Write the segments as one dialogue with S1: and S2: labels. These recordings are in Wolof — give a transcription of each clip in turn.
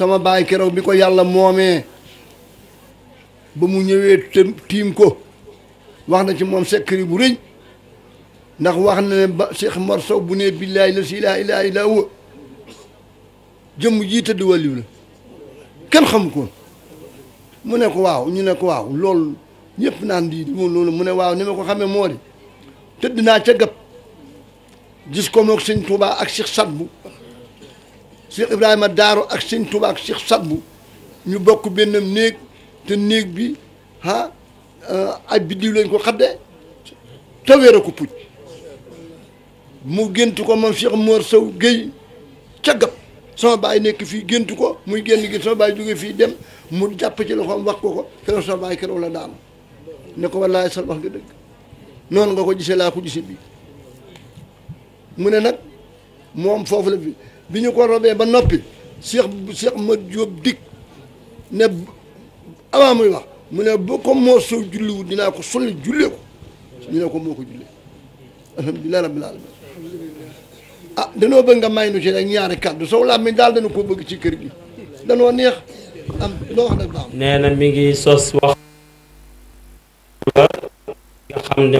S1: sama baay keroog bi ko yàlla moomee ba mu ñëwee te tiim ko wax na ci moom secret bu rëy ndax wax na ne ba Cheikh Mor Sow bu ne billaahi la si laa ilaaha illaa huwa jëmm jii tëdd wàlliw la kenn xamu ko mu ne ko waaw ñu ne ko waaw loolu ñëpp naan di moom loolu mu ne waaw ni ma ko xamee moo tëdd naa ca gab gis ko moog sëñ Tuubaa ak Cheikh Sadbu Cheikh Ibrahima Daaro ak sëñ Touba ak Cheikh Sadbu ñu bokk benn néeg te néeg bi ah euh, ay biddiw ko xadde te ko puj mu gént ko moom Cheikh Mor Sow Guèye ca gab sama baay nekk fii gént ko muy génn gi sama baay jóge fii dem mu jàpp ci loxoom wax ko ko keroog sama baay keroog la daanu ne ko wallaay sal wax nga dëgg noonu nga ko gisee laa ko gisee bi mu ne nag moom foofu la bi bi ñu ko robee ba noppi Cheikh Cheikh ma Diop dikk ne avant muy wax mu ne boo ko moo soo julliwu dinaa ko solli jullee ko ñu ne ko moo ko jullee alhamdulilah rabbil alamin ah danoo bëgg nga may nu ci rek ñaari kàddu soow laam mi daal dana ko bëgg ci kër gi danoo neex am loo
S2: na mi ngi sos wax nga xam ne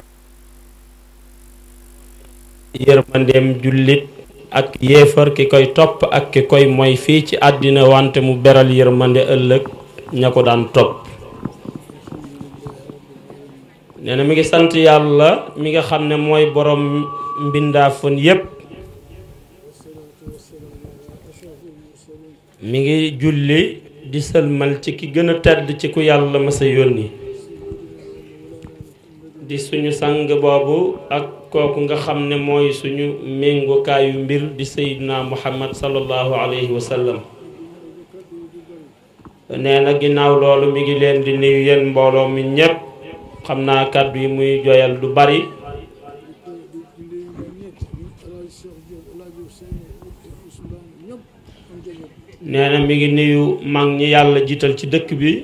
S2: yërmandeem jullit ak yefar ki koy top, ak ki koy moy fi ci adina wante mu beral yermande ëllëg ñako daan top neena mi ngi sant yalla mi nga xamne moy borom borom fon yépp mi ngi julli di selmal ci ki gëna tedd ci ku yalla ma sa yoni di suñu sang boobu ak kooku nga xam ne mooy suñu méngokaayu mbir di sayyidina muhammad sallallahu alayhi wa sallam nee na ginnaaw loolu mi ngi leen di nuyu yéen mbooloo mi ñépp xam naa kàddu yi muy joyal du bari nee na mi ngi nuyu mag ñi yàlla jiital ci dëkk bi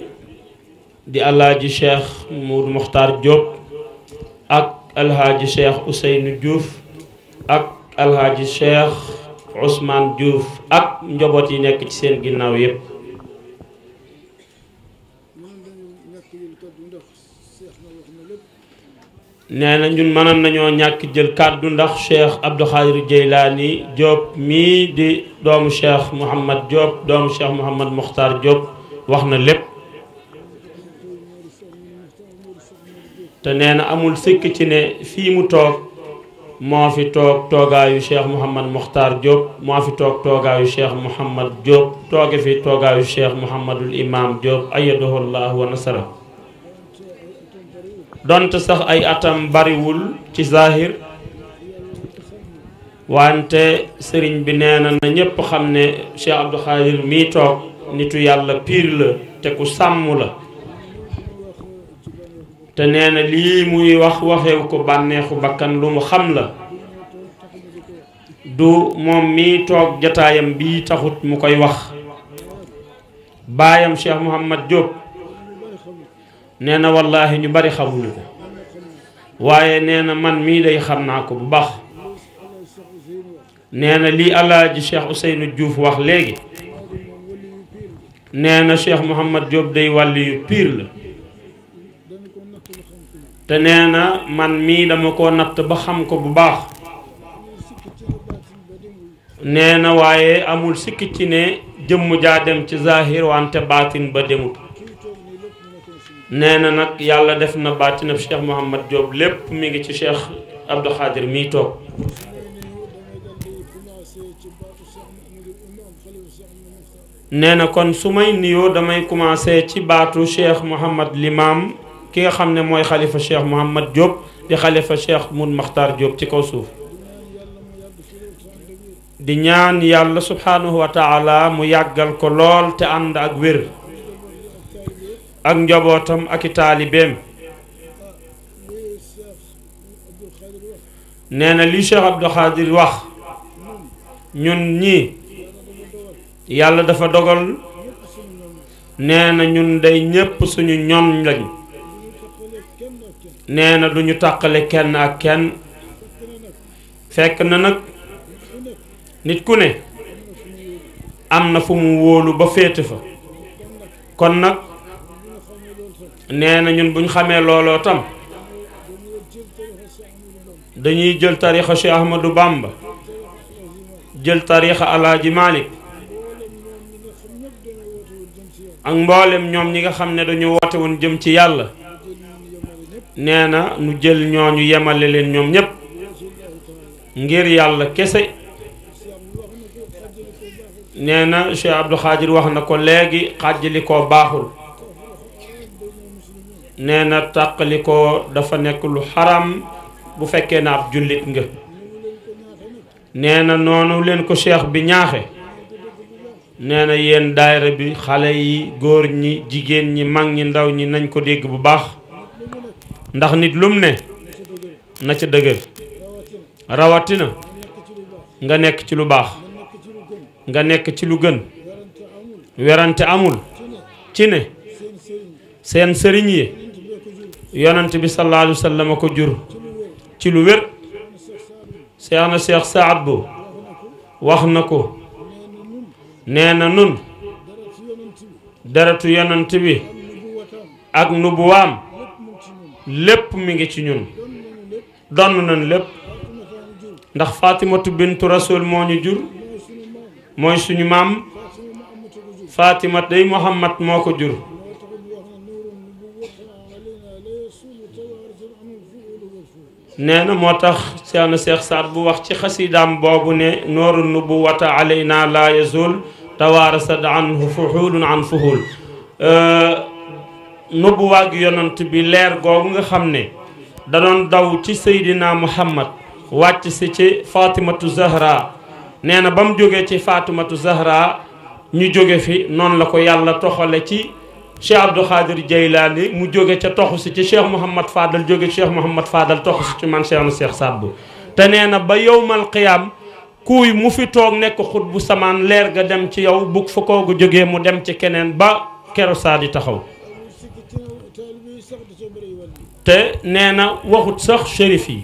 S2: di alaaji cheikh Mour Mokhtar Diop ak alxaaji cheikh Ousseynou juuf ak alxaaji cheikh osmaan juuf ak njaboot yi nekk ci seen ginnaaw yépp nee na ñu mënoon nañoo ñàkk jël kàddu ndax cheikh Abdou Khadir Jeylaani joob mii di doomu cheikh Mouhamad Diop doomu cheikh Mouhamad Mokhtar Diop wax na lépp te nee na amul sikk ci ne fii mu toog moo fi toog toogaayu cheikh Mouhamad Mokhtar Diop moo fi toog toogaayu cheikh Mouhamad Diop tooge fi toogaayu cheikh Mouhamadul Imam Diop ayyadahu llahu wa nasara donte sax ay atam bariwul ci zahir wante sëriñ bi nee na na ñépp xam ne cheikh Abdou Khadir mii toog nitu yàlla piir la te ku sàmm la te neena na lii muy wax waxewu ko bànneexu bakkan lu mu xam la du moom mi toog jataayam bii taxut mu koy wax baayam Cheikh Mouhamad Diop nee na wallaahi ñu bari xamuñu ko waaye nee na man mii day xam naa ko bu baax nee na lii alaaji Cheikh Ousseynou Diouf wax léegi nee na Cheikh Mouhamad Diop day wàlli yu piir la te nee na man mii dama ko natt ba xam ko bu baax nee na waaye amul sikki ci ne jëmm jaa dem ci zahir wante baatin ba demut nee nag yàlla def na baatinab cheikh Mouhamad Diop lépp mi ngi ci cheikh Abdou Khadir mii toog nee na kon su may nuyoo damay commencé ci baatu cheikh Mouhamad Limam ki nga xam ne mooy xalifa cheikh Mouhamad Diop di xalifa cheikh Moun Makhtar Diop ci kaw suuf di ñaan yàlla subhanahu wa taala mu yàggal ko lool te ànd ak wér ak njabootam ak i taalibeem nee na li cheikh Abdou Khadir wax ñun ñi yàlla dafa dogal nee na ñun day ñépp suñu ñoom lañu nee na du ñu tàqale kenn ak kenn fekk na nag nit ku ne am na fu mu wóolu ba féete fa kon nag nee na ñun bu ñu xamee looloo tam dañuy jël tariixa Cheikh Ahmadou Bamba jël tariixa Alaaji Malick ak mbooleem ñoom ñi nga xam ne dañu woote woon jëm ci yàlla nee na ñu jël ñooñu yemale leen ñoom ñépp ngir yàlla kese nee na Cheikh Abdou Khadir wax na ko léegi xàjjali baaxul nee na tàqali dafa nekk lu xaram bu fekkee na ab jullit nga nee na noonu leen ko cheikh bi ñaaxe nee na yéen daayira bi xale yi góor ñi jigéen ñi mag ñi ndaw ñi nañ ko dégg bu baax ndax nit lum ne na ca dëgër rawatina nga nekk ci lu baax nga nekk ci lu gën werante amul ci ne seen sëriñ yi yonent bi sallallahu alayhi wa ko jur ci lu wér seex na seex saad bu wax na ko nee na nun deretu yonent bi ak nubuwaam lépp mi ngi ci ñun donn nañ lépp ndax fatimatu bintu rasul moo ñu jur mooy suñu maam fatima day muhammad moo ko jur nee na moo tax seexna seex saat bu wax ci xasidaam boobu ne nooru nubuwata alayna la yazul tawaarasat anhu fuxuulun an fuxuul nubuwaag yonant bi leer googu nga xam ne da doon daw ci Seydina Muhammad wàcc si ci Fatimatu Zahra nee na ba mu jógee ci Fatimatu Zahra ñu jóge fi noonu la ko yàlla toxale ci Cheikh Abdou Khadir Jeylaani mu jóge ca toxu si ci Cheikh Mouhamad Fadal jóge Cheikh Mouhamad Fadal toxu ci man Cheikh Cheikh te nee na ba yowmal qiyaam kuuy mu fi toog nekk xut bu samaan leer ga dem ci yow bug fa koogu jógee mu dem ci keneen ba kero saa di taxaw te nee na waxut sax shérif yi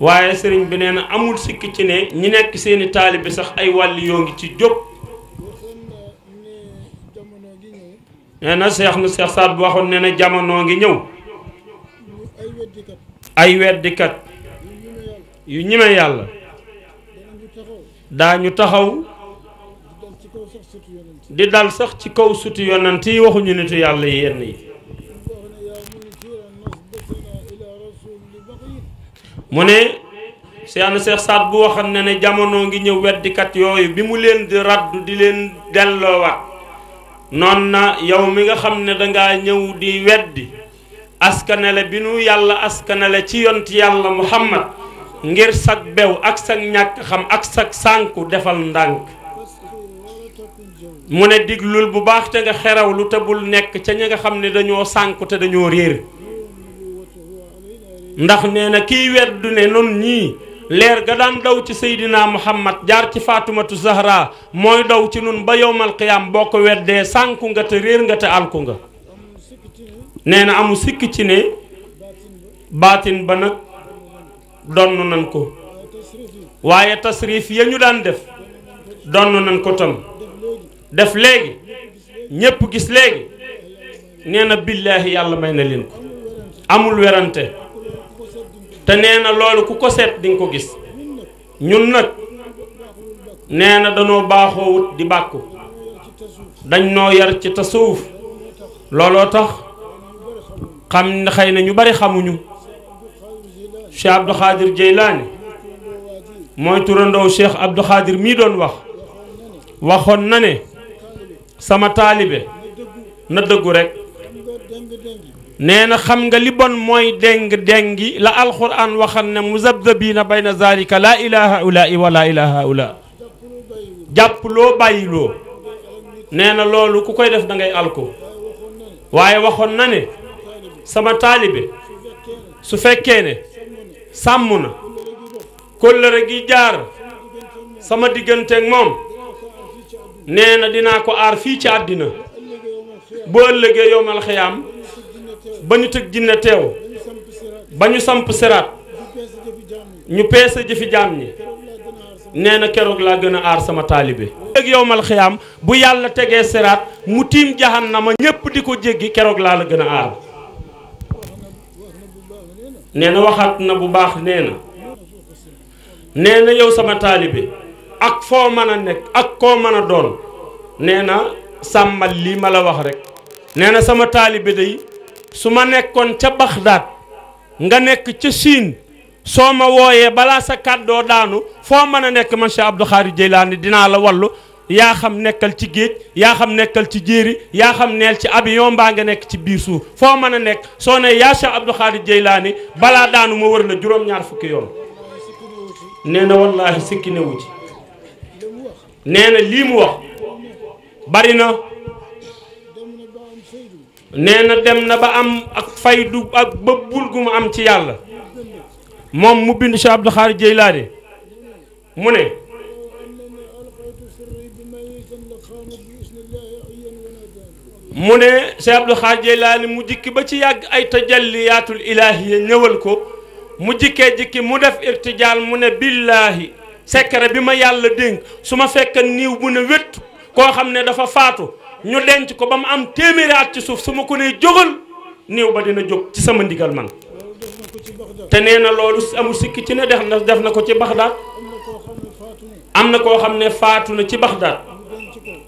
S2: waaye sëriñ bi nee na amul sikk ci ne ñi nekk seeni bi sax ay wàll yoo ngi ci jóg nee na seex na seex saat bu waxoon nee na jamono ngi ñëw ay weddikat yu ñime yàlla dañu taxaw di dal sax ci kaw sutu yonent yi waxuñu nitu yàlla yenn yi mu ne seen Cheikh Saad bu waxoon ne ne jamono ngi ñëw weddikat yooyu bi mu leen di raddu di leen delloowaat noon na yow mi nga xam ne danga ñëw di weddi askanale bi nu yàlla askanale ci yont yàlla muhammad ngir sag bew ak sag ñàkk xam ak sag sànku defal ndànk mu ne diglul bu baax te nga xeraw lu tebul nekk ca ñi nga xam ne dañoo sànku te dañoo réer ndax nee na kiy weddu ne noon ñii leer ga daan daw ci Seydina Muhammad jaar ci Faatumatu Zahra mooy daw ci noon ba yowmal qiyaam boo ko weddee sànku nga te réer nga te alku nga nee na amul sikk ci ne baatin ba nag donn nan ko waaye tasrif ya ñu daan def donn nan ko tam def léegi ñépp gis léegi nee na billaahi yàlla may na leen ko amul werante te nee na loolu ku ko seet di nga ko gis ñun nag nee na danoo baaxoowut di bàkku dañ noo yar ci tasawuf looloo tax xam xëy na ñu bari xamuñu Cheikh Abdou Khadir Jeylaani mooy turandoo Cheikh Abdou Khadir mii doon wax waxoon na ne sama taalibe na dëggu rekk نانا خم غليبون موي دنج دنجي لا القران وخن مزبذبين بين ذلك لا اله الا ولا اله الا جاب لو بايلو نانا لولو كوكاي داف داغي الكو واي وخون ناني سما طالب سو فكيني سامونا كل رغي جار سما ديغنتك موم نانا دينا كو ار في تي ادنا بو لغي يوم الخيام ba ñu tëg jinne teew ba ñu samp seraat ñu peese jëfi jaam ñi nee na keroog laa gën a aar sama taalibe ak yowmal xiyaam bu yàlla tegee seraat mu tiim jahannama ñépp di ko jéggi keroog laa la gën a aar nee na waxaat na bu baax nee na nee na yow sama taalibe ak foo mën a nekk ak koo mën a doon nee na sàmmal lii ma la wax rek nee sama taalibe day su ma nekkoon ca Baxdaad nga nekk ca Siin soo ma wooyee balaa sa kàddoo daanu foo mën a nekk man Cheikh Abdou Khadir Jeylaani dinaa la wallu yaa xam nekkal ci géej yaa xam nekkal ci jéeri yaa xam neel ci abiyom baa nga nekk ci biir suuf foo mën a nekk soo ne yaa Cheikh Abdou Khadir Jeylaani balaa daanu ma wër la juróom-ñaar fukki yoon nee na wallaahi sikki newu ci nee na lii mu wax bari na nee na dem na ba am ak faydu ak bëbbul gu mu am ci yàlla moom mu bind Cheikh Abdou Khadre Jeylaani mu ne mu ne Cheikh Abdou Khadre Jeylaani mu jikki ba ci yàgg ay tajalliyaatul ilaahiya ñëwal ko mu jikkee jikki mu def irtijaal mu ne billaahi secret bi ma yàlla dénk su ma fekk niiw bu ne wét koo xam ne dafa faatu ñu denc ko ba mu am téeméeri at ci suuf su ma ko nee jógal néew ba dina jóg ci sama ndigal man te nee na loolu amul sikk ci ne def na def na ko ci Baxdaad am na koo xam ne faatu na ci Baxdaad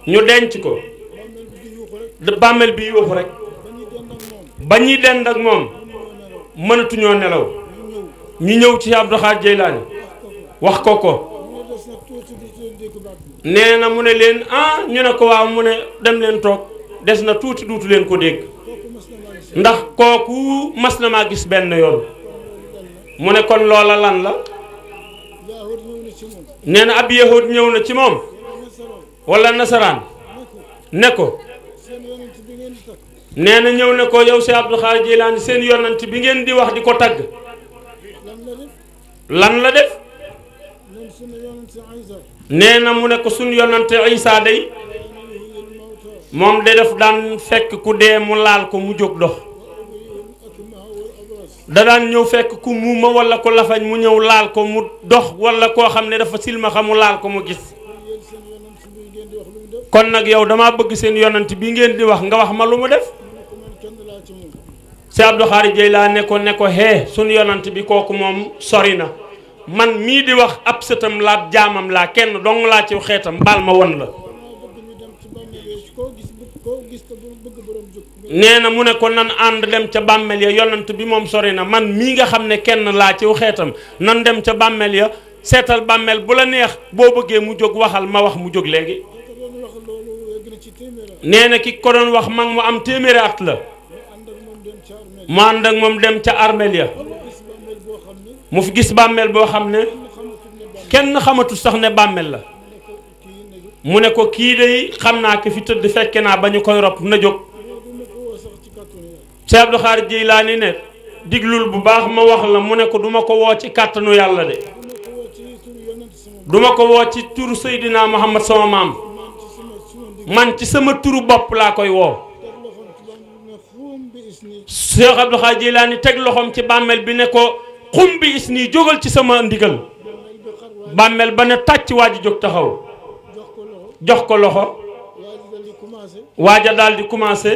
S2: ñu denc ko bàmmeel bi yuuxu rek ba ñuy dend ak moom mënatuñoo nelaw ñu ñëw ci Abdou Khadre Jeylaani wax ko ko nee na mu ne leen ah ñu ne ko waaw mu ne dem leen toog des na tuuti duutu leen ko dégg ndax kooku mas na maa gis benn yoon mu ne kon loola lan la nee na ab yahud ñëw na ci moom walla nasaraan ne ko nee na ñëw ne ko yow si Abdul Xaadir Jilaani seen yonant bi ngeen di wax di ko tagg lan la def nee na mu ne ko suñu yonante Isaa day moom de def daan fekk ku dee mu laal ko mu jóg dox da daan ñëw fekk ku muuma walla ko lafañ mu ñëw laal ko mu dox walla koo xam ne dafa silmaxa mu laal ko mu gis kon nag yow dama bëgg seen yonant bi ngeen di wax nga wax ma lu mu def si Abdou Khari Jeylaani ne ko ne ko hee suñ yonant bi kooku moom sori na man mii di wax ab sëtam laa jaamam laa kenn dong laa ci xeetam baal ma won la nee na mu ne ko nan ànd dem ca bàmmeel ya yonent bi moom sori na man mii nga xam ne kenn laa ciw xeetam nan dem ca bàmmeel ya seetal bàmmeel bu la neex boo bëggee mu jóg waxal ma wax mu jóg léegi nee na ki ko doon wax mag mu am téeméeri at la mu ànd ak moom dem ca armeel ya mu fi gis bàmmeel boo xam ne kenn xamatu sax ne bàmmeel la mu ne ko kii day xam naa ki fi tëdd fekke naa ba ñu koy rob na jóg Cheikh Abdou Khadre Jilani ne diglul bu baax ma wax la mu ne ko duma ko woo ci kàttanu yàlla de duma ko woo ci turu Seydina Muhammad sama maam man ci sama turu bopp laa koy woo Cheikh Abdou Khadre Jilani teg loxoom ci bàmmeel bi ne ko xum bi is nii jógal ci sama ndigal bàmmeel ba ne tàcc waa ji jóg taxaw jox ko loxo waaja daal di commencé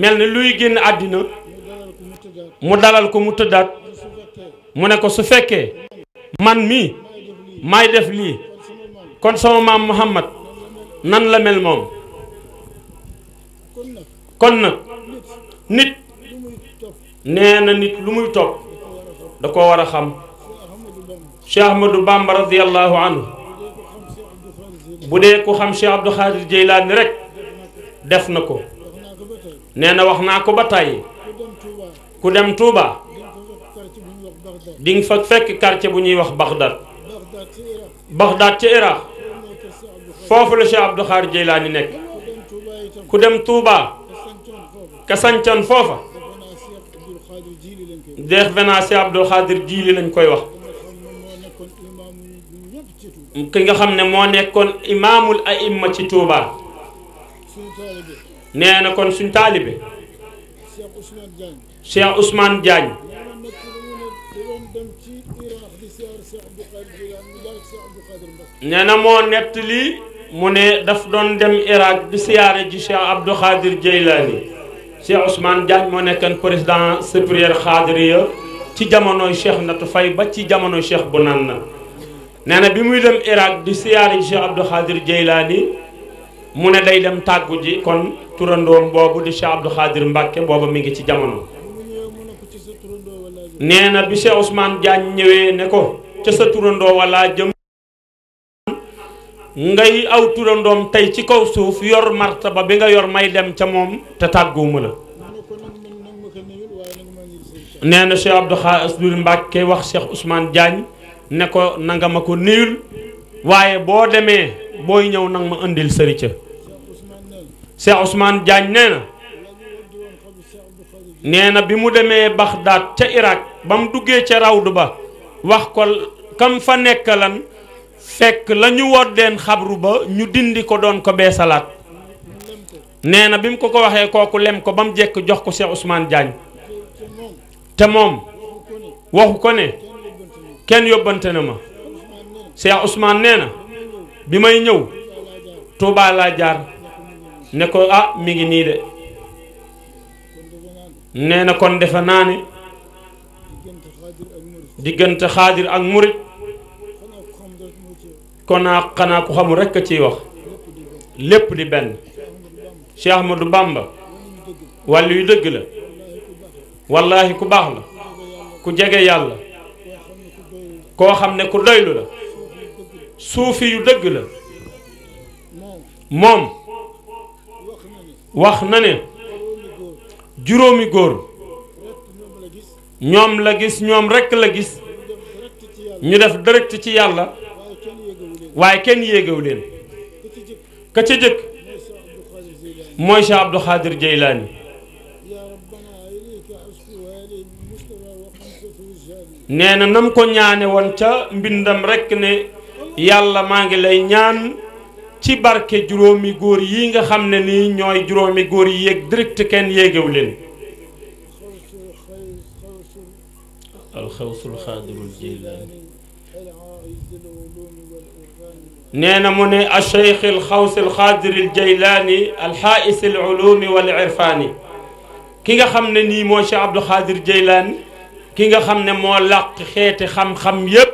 S2: mel ni luy génn àddina mu dalal ko mu tëddaat mu ne ko su fekkee man mii maay def lii kon sama maam Muhammad nan la mel moom kon nag nit nee na nit lu muy topp da koo war a xam Cheikh Ahmadou Bamba radiyallahu anhu bu dee ku xam Cheikh Abdou Khadir Jeylaani rek def na ko nee na wax naa ko ba tàyyi ku dem Touba di nga fa fekk quartier bu ñuy wax Bagdad Bagdad ci Iraq foofu la Cheikh Abdou Khadir Jeylaani nekk ku dem Touba ka foofa ديخ فيناسي عبد الخادر جيلي لا نكوي واخ كيغا خامني مو نيكون امام الائمه في توبا نانا كون سون طالب شيخ عثمان جان نانا مو نيتلي مو ني داف دون دم عراق دي جي شيخ عبد الخادر جيلاني Cheikh Ousmane Diagne moo nekkoon président supérieur xaadiriya ci jamonoy Cheikh na Faye ba ci jamonoy Cheikh Bounane nee na bi muy dem Irak di siyaari Cheikh Abdou Khadir Jeylaani mu ne day dem tàggu ji kon turandoom boobu di Cheikh Abdou Khadir Mbacke boobu mi ngi ci jamono. nee bi Cheikh Ousmane Diagne ñëwee ne ko ca sa turandoo wala jëm. ngay aw turandoom tey ci kaw suuf yor martaba bi nga yor may dem ca moom te tàgguwuma la nee na Cheikh Abdou Khadre Mbacké wax Cheikh Ousmane Diagne ne ko nanga ko nuyul waaye boo demee booy ñëw nanga ma indil sëri ca Cheikh Ousmane na nee na bi mu demee Baxdaad ca Irak ba mu duggee ca rawdu ba wax ko kam fa nekkalan fekk la ñu woddeen xabru ba ñu dindi ko doon ko salaat nee na bi mu ko ko waxee kooku lem ko ba mu jekk jox ko Cheikh ausmaan Diagne te moom waxu ko ne kenn yóbbante ne ma Cheikh Ousmane nee na bi may ñëw Touba jaar ne ko ah mi ngi nii de nee na kon defe naa ne diggante xaadir ak murit konaa xanaa ku xamul rekk ciy wax lépp di benn Cheikh Ahmadou Bamba wàll yu dëgg la wallaahi ku baax la ku jege yàlla koo xam ne ku doylu la suufi yu dëgg la moom wax na ne juróomi góor ñoom la gis ñoom rekk la gis ñu def direct ci yàlla waaye kenn yéegew leen ka ca jëkk mooy Cheikh Abdou Khadir Jeylaani na nam ko ñaane woon ca mbindam rekk ne yàlla maa ngi lay ñaan ci barke juróomi góor yi nga xam ne ni ñooy juróomi góor yi yéeg direct kenn yéegew نينا مني الشيخ الخوس الخادر الجيلاني الحائس العلوم والعرفاني كيغا خامني ني مو شي عبد الخادر الجيلاني كيغا خامني مو لاق خيتي خام خام ييب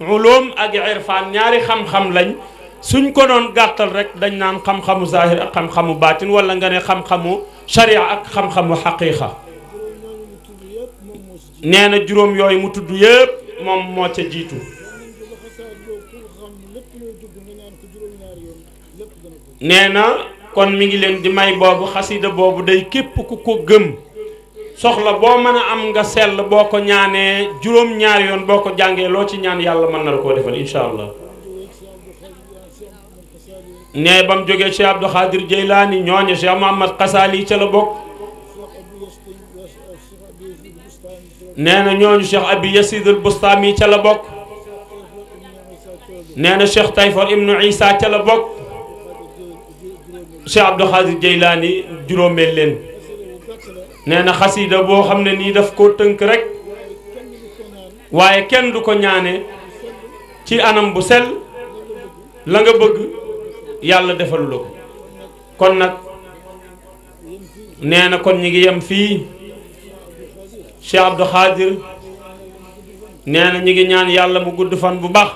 S2: علوم اك عرفان نياري خام خام لاج سون كو دون غاتال رك داني نان خام خام ظاهر اك خام خام باطن ولا غاني خام خام شريعه اك خام خام حقيقه نينا جوروم يوي مو تودو ييب موم مو تي جيتو nee na kon mi ngi leen di may boobu xasida boobu day képp ku ko gëm soxla boo mën a am nga sell boo ko ñaanee juróom-ñaari yoon boo ko jàngee loo ci ñaan yàlla mën na la koo defal incha allah nee ba mu jógee Cheikh Abdou Khadir Jeylaani ñooñu Cheikh Mouhamad Xasaali ca la bokk nee na ñooñu Cheikh Abi Yasid al bokk nee na Cheikh Tayfor Ibnu Isa ca la bokk Cheikh Abdou laa ni juróomeel leen nee na xasiida boo xam ne nii daf koo tënk rek waaye kenn du ko ñaane ci anam bu sel la nga bëgg yàlla defal ko kon nag nee na kon ñu ngi yem fii Cheikh Abdou Khadir nee na ñi ngi ñaan yàlla mu gudd fan bu baax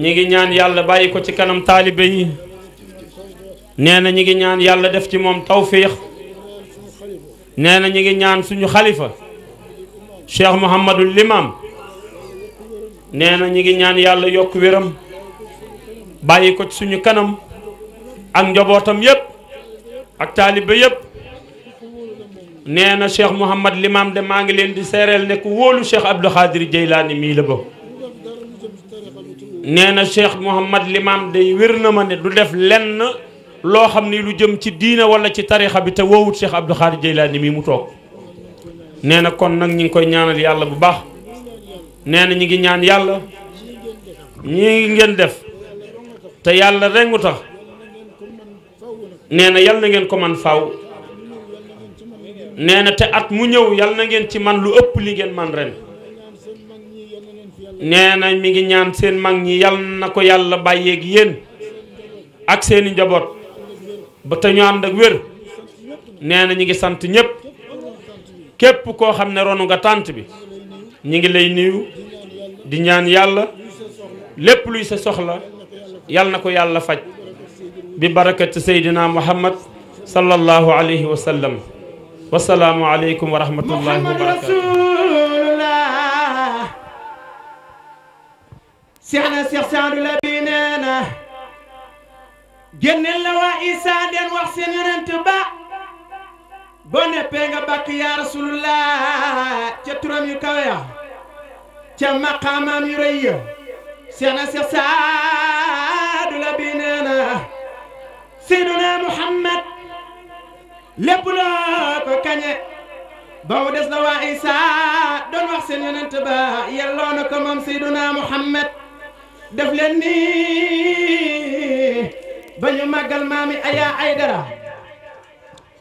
S2: ñu ngi ñaan yàlla bàyyi ko ci kanam taalibe yi nee na ñi ngi ñaan yàlla def ci moom tawfiix nee na ñi ngi ñaan suñu xalifa cheikh Mouhamadul Limam nee na ñi ngi ñaan yàlla yokk wéram bàyyi ko ci suñu kanam ak njobootam yépp ak taaliba yépp nee na cheikh Mouhamad Limam de maa ngi leen di seereel ne ku wóolu cheikh Abdou Khadir Jeylaani mii la ba nee na cheikh Mouhamad Limam de wér na ma ne du def lenn. loo xam ni lu jëm ci diina wala ci tarixa bi te woowut Cheikh Abdou Khadir Jeylaani mi mu toog nee na kon nag ñi ngi koy ñaanal yàlla bu baax nee na ñi ngi ñaan yàlla ñi ngeen def te yàlla ren rengu tax nee na yal ngeen ko man faw nee na te at mu ñëw yàlla na ngeen ci man lu ëpp li ngeen man ren nee na mi ngi ñaan seen mag ñi yal na ko yàlla bàyyeeg yéen ak seeni njaboot ba te ñu ànd ak wér nee na ñi ngi sant ñëpp képp koo xam ne ronu nga tànt bi ñu ngi lay nuyu
S3: di ñaan yàlla
S2: lépp luy sa soxla yàlla na ko yàlla faj bi barakat seydina muhammad sallallahu alayhi wa sallam wasalaamu aleykum wa rahmatullahi wa barakatuh
S4: génneel la waa Isa den wax seen yonent ba boo neppee nga bàkk yaa rasulullah ca turam yu kawe ya ca maqaamaam yu rëy ya seena se saadu la bi nee na seyduna muhammad lépp loo ko kañe ba mu des la waa Isa doon wax seen yonent ba yelloo ko moom seyduna muhammad def leen nii بنو مجال مامي ايا ايدرا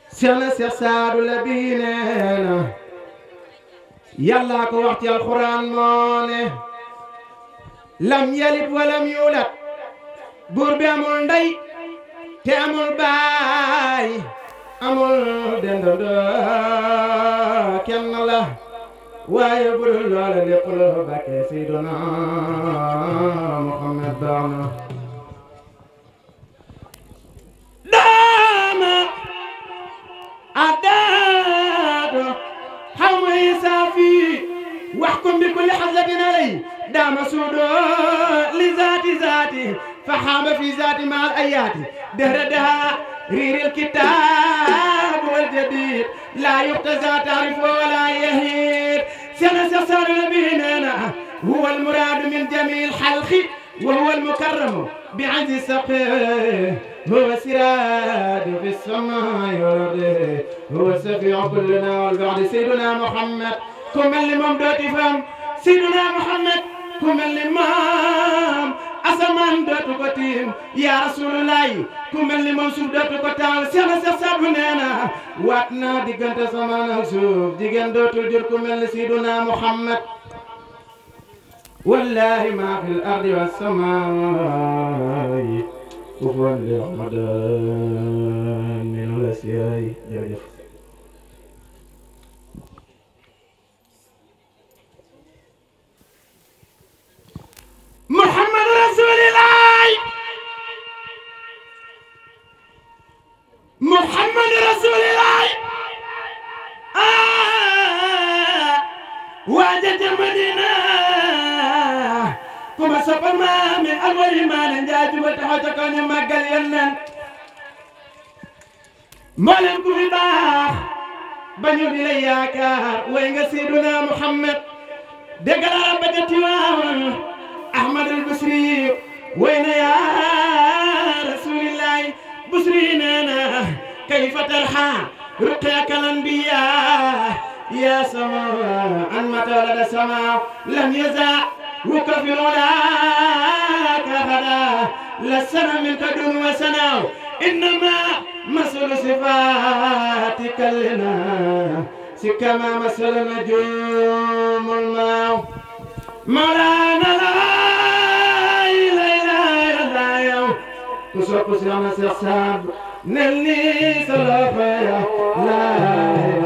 S4: سيانا سيسار لبينا يلا كوحتي القران موني لم يلد ولم يولد بوربي امون داي تي امون باي امون دندا كان الله واي بول الله لقلوبك سيدنا
S1: محمد دعنا
S4: أعداد حوم صافي واحكم بكل حزب علي دام سودو لذاتي ذاتي فحام في ذاتي مع الآيات دهر دها رير الكتاب والجديد لا يقتزى تعرف ولا يهير سنسسر بيننا هو المراد من جميل حلخي وهو المكرم بعز سقيه هو السراج في السماء والأرض هو الشفيع كلنا والبعد سيدنا محمد كم الإمام دوتي فهم سيدنا محمد كم الإمام asamaan dootu ko tiim yaa rasuulullaay ku mel ni moom suuf dootu ko taal seex sa sabu nee na waat naa diggante asamaan ak suuf jigéen dootul jur ku mel ni siiduna muhammad wallaahi maa fi l ardi wa
S2: samaa'i كفرا للعمدان من الأسياء جريف
S4: محمد رسول الله محمد رسول الله آه وعدت المدينه kuma soppa maami alwari maale njaajuba taxaw ca kaw ñu màggal yonent mboolem ku fi baax ba ñu di la yaakaar way nga seyduna Muhammad déggalaa ba jati waawan Ahmadul Busri way na yaa rasulillahi Busri nee na kayfa tarxa ruqyaka lanbiya ya sama an matawalada sama lam yaza وكفر لك فلا لسنا منك دون وسنا إنما مثل صفاتك لنا سكما مثل نجوم الماء مولانا لا إله إلا الله وسوق سلامة الصعب نلني سلافة لا إله